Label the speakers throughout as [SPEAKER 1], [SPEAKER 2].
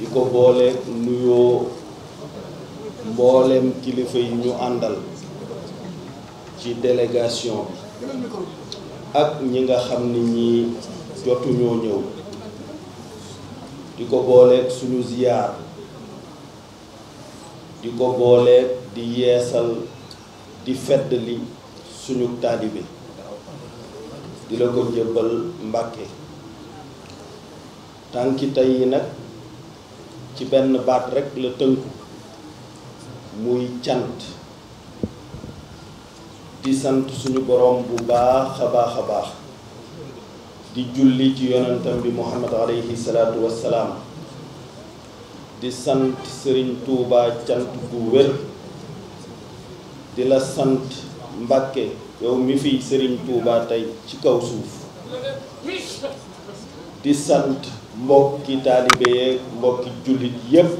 [SPEAKER 1] di ko booleeg nuyoo mbooleem kilifa yi ñu àndal
[SPEAKER 2] ci délégation bi ak ñi nga xam ni ñi jotuñoo ñëw di ko booleeg suñu ziyaar di ko booleeg di yeesal di fedd li suñu taalibe di la ko jébbal Mbàkke tànki tey nag ci benn baat rekk la tënku muy cant di sant suñu boroom bu baax a baax a baax di julli ci yonentam bi muhammad aleyhi salaatu salaam di sant sëriñ tuuba cant bu wér di la sant mbàkke yow mi fiy sëriñ tuubaa tey ci kaw suuf di sant mbokki taalibe yeeg mbokki jullit yépp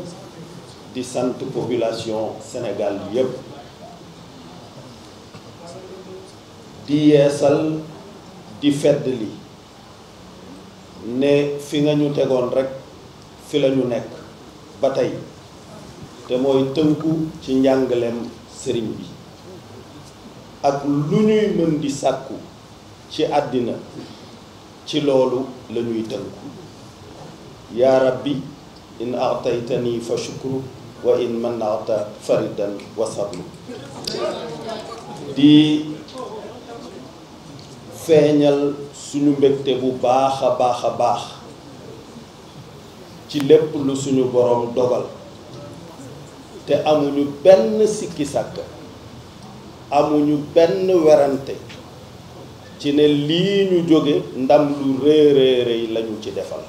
[SPEAKER 2] di sant population Sénégal yépp di yeesal di fedd li ne fi nga ñu tegoon rekk fi la ñu nekk ba tey te mooy tënku ci njàngaleem sëriñ bi ak lu ñuy mën di sàkku ci àddina ci loolu lañuy ñuy tënku yaa bi in aataytani fa shukru wa in manata faridan wa di feeñal suñu mbégte bu baax a baax a baax ci lépp lu suñu boroom dogal te amuñu benn sikki sàkk amuñu benn werante ci ne lii ñu jóge ndam lu yi lañu ci defal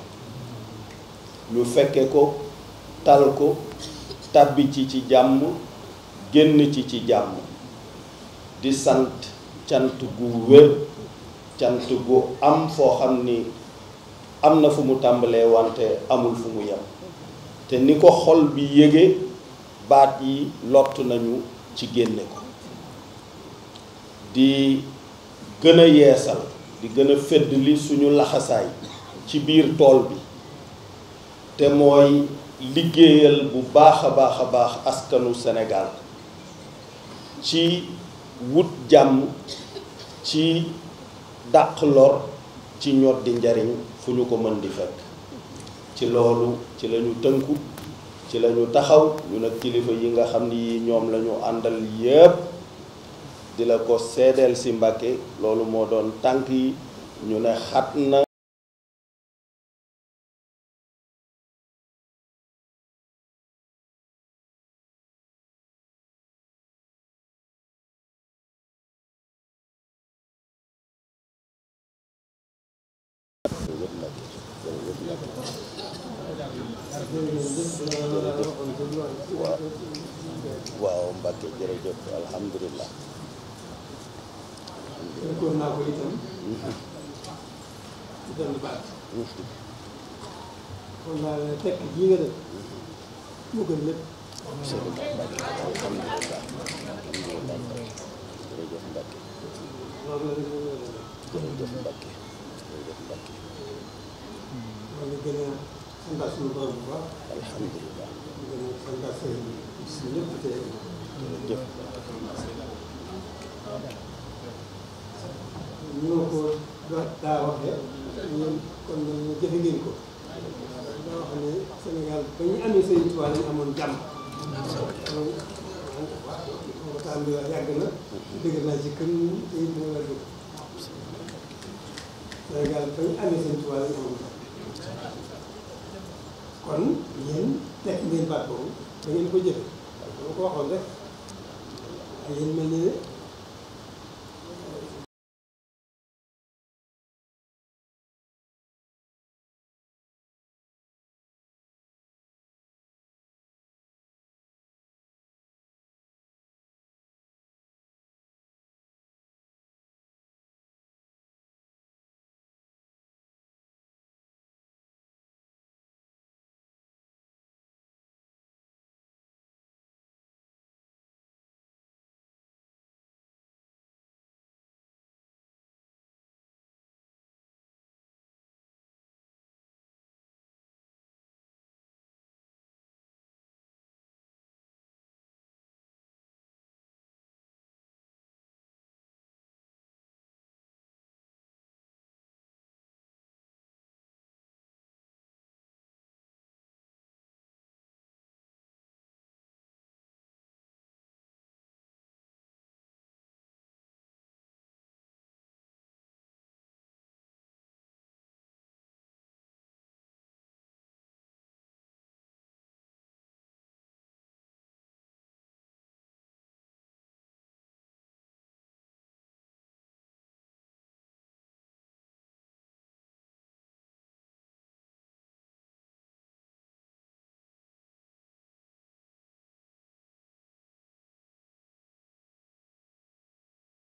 [SPEAKER 2] ñu fekke ko tal ko tàbbi ci ci jàmm génn ci ci jàmm di sant cant gu wér cant gu am foo xam ni am na fu mu tàmbalee wante amul fu mu yem te ni ko xol bi yëge baat yi lott nañu ci génne ko di gën a yeesal di gën a fedd li suñu laxasaay ci biir tool bi te mooy liggéeyal bu baax a baax a baax askanu senegaal ci wut jàmm ci dàq lor ci di njariñ fu ñu ko mën di fekk ci loolu ci lañu tënku ci lañu taxaw ñu nag kilifa yi nga xam ni yi ñoom lañu àndal yépp
[SPEAKER 1] di la ko seedeel ci Mbàkke loolu moo doon tànk yi ñu ne xat waaw
[SPEAKER 2] waaw Mbacke jërëjëf alhamdulilah. déggoon naa ko itam. Mm-hmm.
[SPEAKER 3] ci benn baat. Mm-hmm. kon naa ne ñu gën a sant suñu borom bu baax. alhamdulilah. ñu gën a sant sëriñ bi. si ñëpp te jëf. ñu ko daa waxee. ñun kon ñu jëfe ngeen ko. daa wax ne Sénégal ba ñu amee sëriñ Tuubaa lañu amoon jàmm. loolu. waaw yàgg na. dëgg naa ci kër yi tey dina la Sénégal ba ñu amee seen tubaab yi amul kon yéen teg ngeen
[SPEAKER 1] baat boobu da ngeen ko jëfe dama ko waxoon rek yéen mel ni ne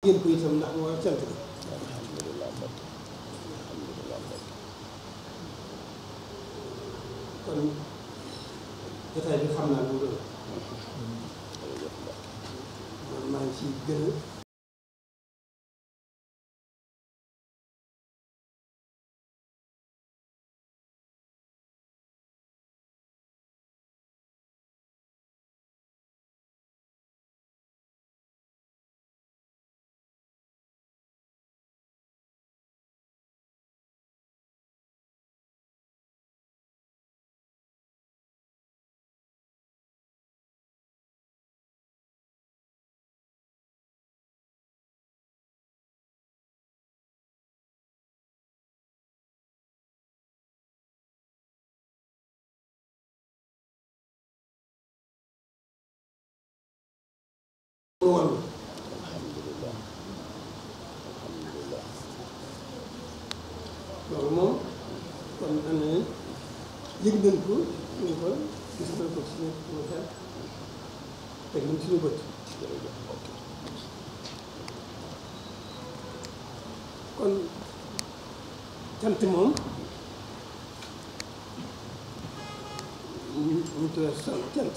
[SPEAKER 1] ngeen ko itam ndax mooy cant bi alhamdulilah mbokk alhamdulilah
[SPEAKER 3] mbokk kon jotaay bi xam naa lu
[SPEAKER 1] doon man maa ngi ciy gën a ko wàllu loolu
[SPEAKER 3] moom kon am yëg nañ ko ñu ko gis nañ ko suñu xel teg nañ suñu bët kon cant moom ñu ñu tuddee sant cant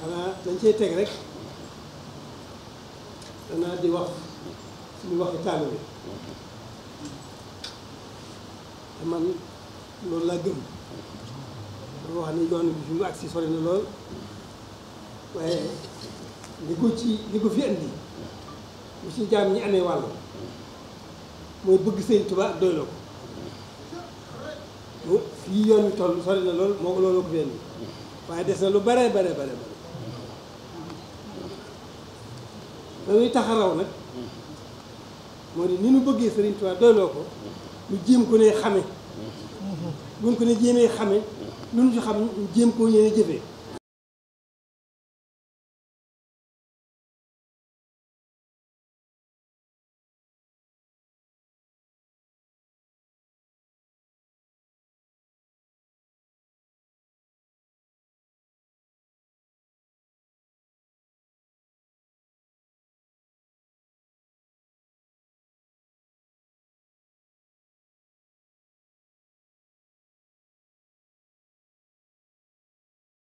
[SPEAKER 3] xanaa dañ cay teg rek danaa di wax suñu waxi taalibe te man loolu laa gëm dama wax ni yoon bi fi mu agsi sori na lool waaye li ko ci li ko fi indi bu ci jaam ñi amee wàll mooy bëgg sëñ Tuubaa ak doyloo ko fii yoon wi toll sori na lool moo looloo ko fi indi waaye des na lu bare bare bare bare dañuy taxaraw nag moo di ni ñu bëggee Sëriñ Tuubaa doyloo ko
[SPEAKER 1] ñu jéem ko ne xame mm-hmm. buñ ko ne jéemee xame lu ñu ci xam jéem koo ñëwee jëfee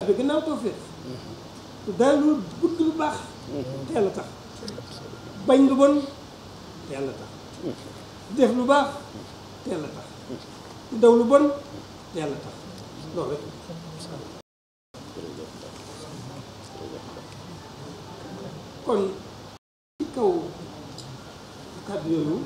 [SPEAKER 1] dafa gannaaw tawféex daal lu bëgg lu baax teel a tax
[SPEAKER 3] bañ lu bon teel a tax def lu baax teel a tax daw lu bon teel a tax loolu rek kon ci kaw kàddu yooyu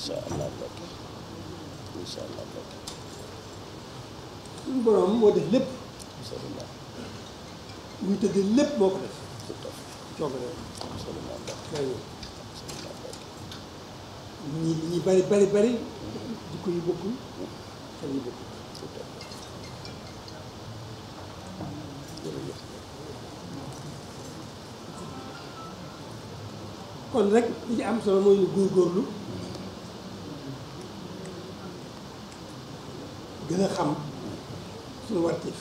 [SPEAKER 2] incha allah Mbacke incha allah Mbacke.
[SPEAKER 3] suñu borom moo def lépp. muy tëddee lépp moo ko def. coono yow. incha allah Mbacke ñi bari bari bari. jikko yu bokkul kon rek li ci am solo mooy góor góorlu gën a xam suñu wartiif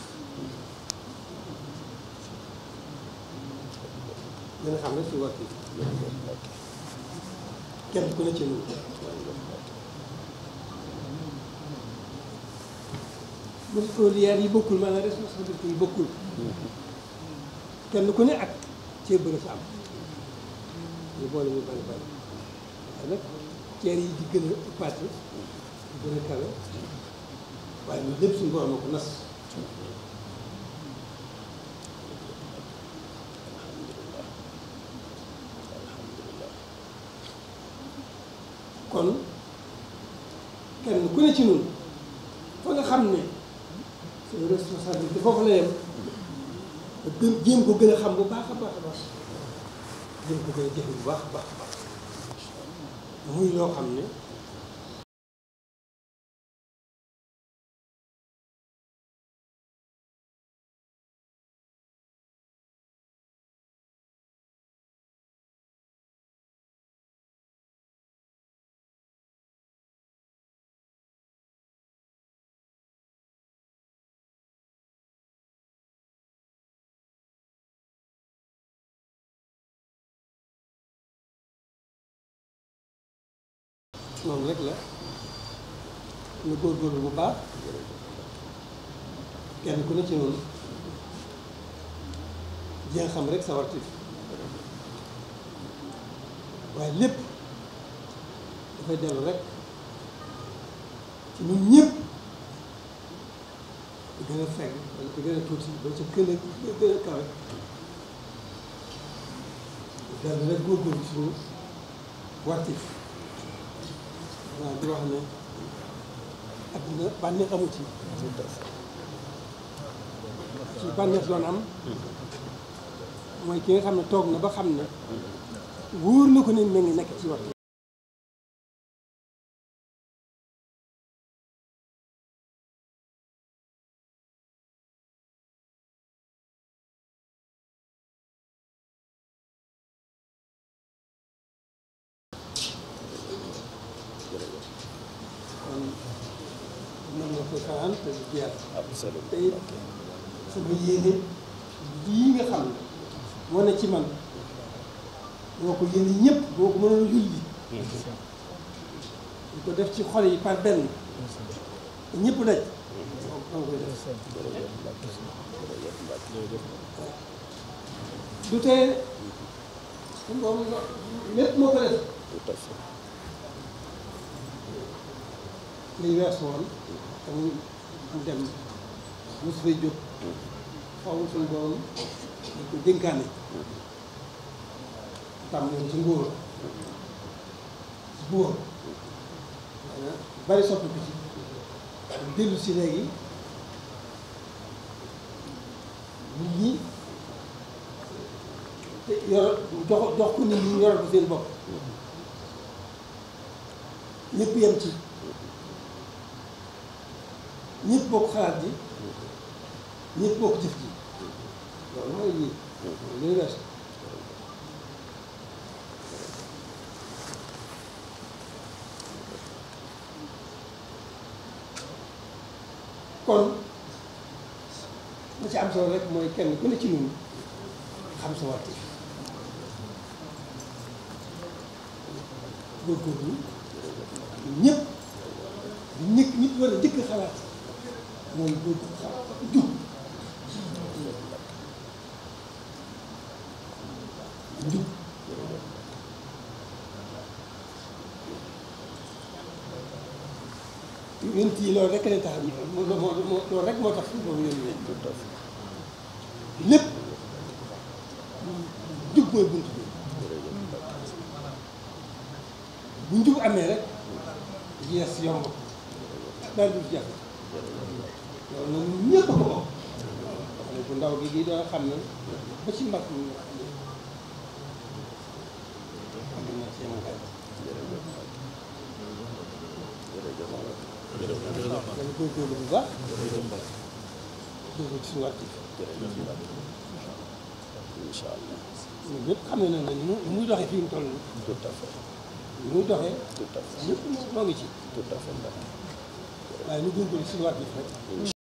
[SPEAKER 3] gën a xam rek suñu wartiif kenn ku ne ci ñun masoliyaar yi bokkul maanaam responsabilité yi bokkul kenn ku ne ak ceeb la sa am ñu boole ñu bari bari ceer yi di gën a passé di gën a kawe waaye ñun lépp suñu borom moo ko nas kon kenn ku ne ci ñun fa nga xam ne suñu responsabilité foofu la yem gën jéem ko gën a xam bu
[SPEAKER 1] baax a baax a baax jéem ko gën a jëfe bu baax a baax a baax muy loo xam ne noonu rek la ñu góorgóorlu bu baax
[SPEAKER 3] kenn ku ne ci noonu jéem xam rek sa wartif waaye lépp dafay dellu rek ci ñun ñëpp di gën a fekk wala di gën a tuuti ba ca gën a gën a kawe dellu rek góorgóorlu suñu wartif waaw di wax ne adduna bànneex amu ci ci bànneex doon am
[SPEAKER 1] mooy ki nga xam ne toog na ba xam ne wóor na ko ne mi ngi nekk ci waxtu
[SPEAKER 3] di ko def ci xol yi par benn ñëpp daj du tee suñu boobu lépp moo ko def liy weesu woon te dem mosu fay jóg xaw suñu boobu di tam yoon ci nguur buur bari soppiku ci dellu si léegi nit ñi yor dox dox ko nit ñi yoral ko seen bopp ñëpp yem ci ñëpp bokk xalaat ji ñëpp bokk jëf ji loolu mooy lii luy wees kon la ci am solo rek mooy kenn ku ne ci ñun xam sa wàtte góorgóorlu ñëpp ñëpp nit war a jëkk xalaat mooy góorgóorlu xalaat jub jub loolu rek lay tax loolu moo rek moo tax suñu borom yónni leen mooy bunt bi bu njub amee rek yees yomb daal du jàpp loolu nag ñëpp ko bokk bu ndaw gi di doon xam ne ba ci mag
[SPEAKER 1] góorgóorlu bu baax.
[SPEAKER 3] góorgóorlu ci suñu wàcc. incha allah. ñun ñëpp xam nañ ne ni muy doxee fi mu toll nii. tout à fait. muy doxee.
[SPEAKER 1] tout à fait lépp moo ci. tout à waaye ñu góorgóorlu ci suñu wàcc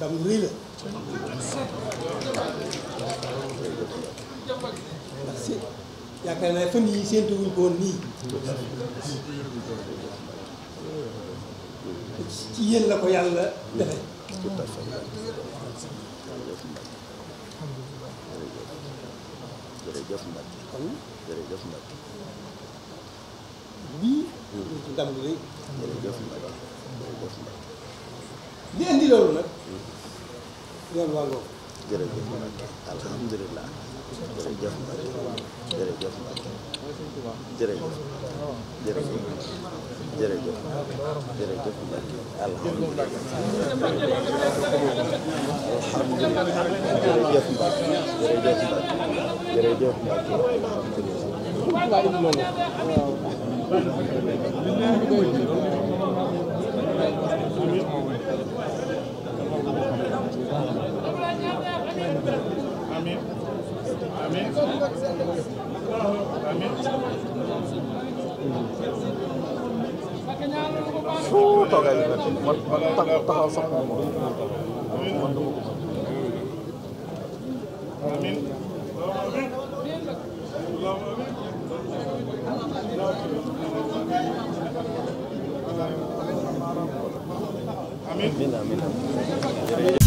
[SPEAKER 3] na rëy la ndax si yaakaar naa fan yii séentu wuñ ko woon nii ci yéen la ko yàlla defe
[SPEAKER 2] jërëjëf Mbacke kon jërëjëf li indi
[SPEAKER 3] loolu nag yoon waa ngoo jërëjëf Mbacke alhamdulilah jërëjëf Mbacke jërëjëf Mbacke
[SPEAKER 2] jërëjëf jërëjëf jërëjëf jërëjëf Mbacke alhamdulilah alhamdulilah jërëjëf Mbacke jërëjëf Mbacke jërëjëf
[SPEAKER 3] Mbacke alhamdulilah
[SPEAKER 2] Amin.
[SPEAKER 1] Amin. Amin. soo
[SPEAKER 2] toogal yi man man taxaw sax moom
[SPEAKER 1] man dama ko. Amin. Amin. Amin.